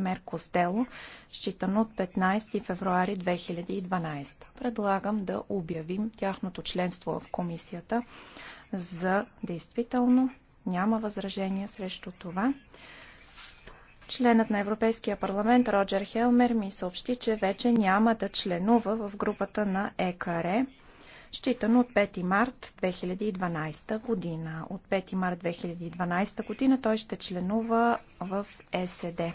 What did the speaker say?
Емер Костело, считано от 15 февруари 2012. Предлагам да обявим тяхното членство в комисията за действително. Няма възражение срещу това. Членът на Европейския парламент Роджер Хелмер ми съобщи, че вече няма да членува в групата на ЕКР, считано от 5 март 2012 година. От 5 март 2012 година той ще членува в е СД.